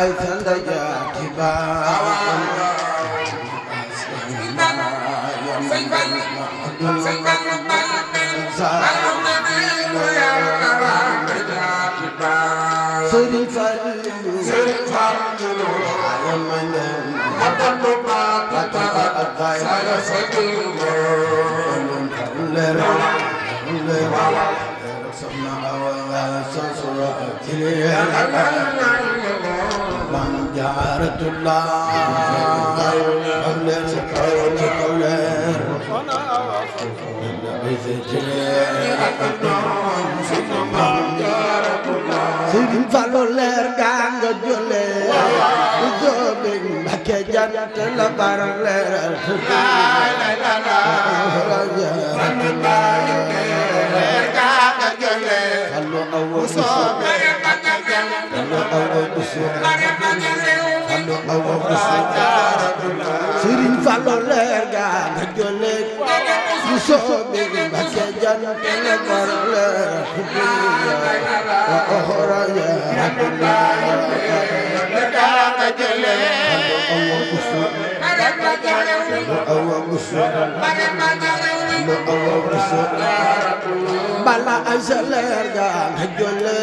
أيثن جاكبا سري فالو سري فالو على من حتى Thank you. Sëriñ Fallu leer gaa nga jole bu joobe Mbakke jant la bar leeral la la la leer gaa nga jole Fallu awo bu soobe Mbakke jant la bar leeral Fallu awa musaara Sëriñ Fallu leer ga nga jole mu soobe ba ke jante la bar leer wa oxora ya Bala azaleer ga nga jole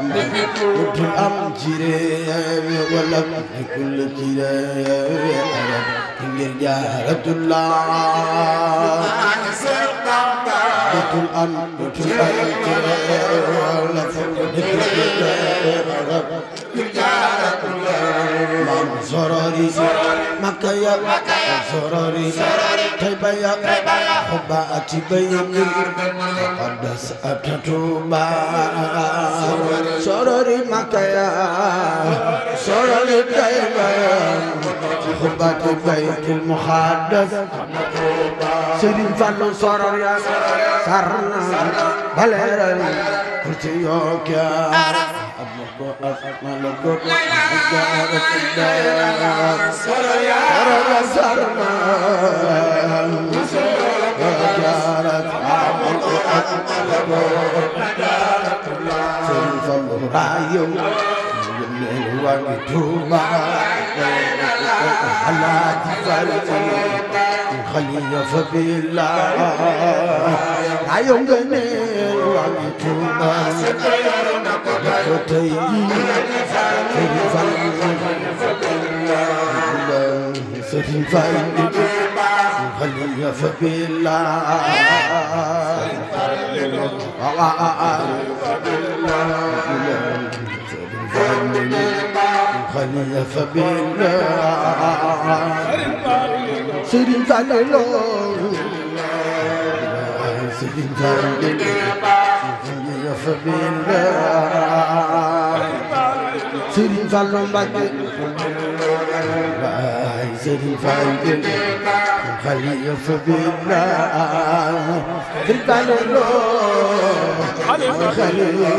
am kutu am jire wala kul jire ngir jaaratullah kutu am kutu am jire wala kul jire ngir jaaratullah mam sorori يا سروري طيب يا حب أتبين تقدس أبتتوبا سروري مكايا سروري طيب حب أتبين المخدس سيدين فالو سروري سرنا بلرن كرتيوكيا ملكوت جارت الدار سرنا جارت ملكوت رايو من وقتهما على تفرقي خلي فبيلا عيون غني sëriñ Fall di di xalil ya fa billah sëriñ Fall di di سبيل سيدي فالو مبكي باي سيدي فالو خلي سبيل سيدي فالو خلي سبيل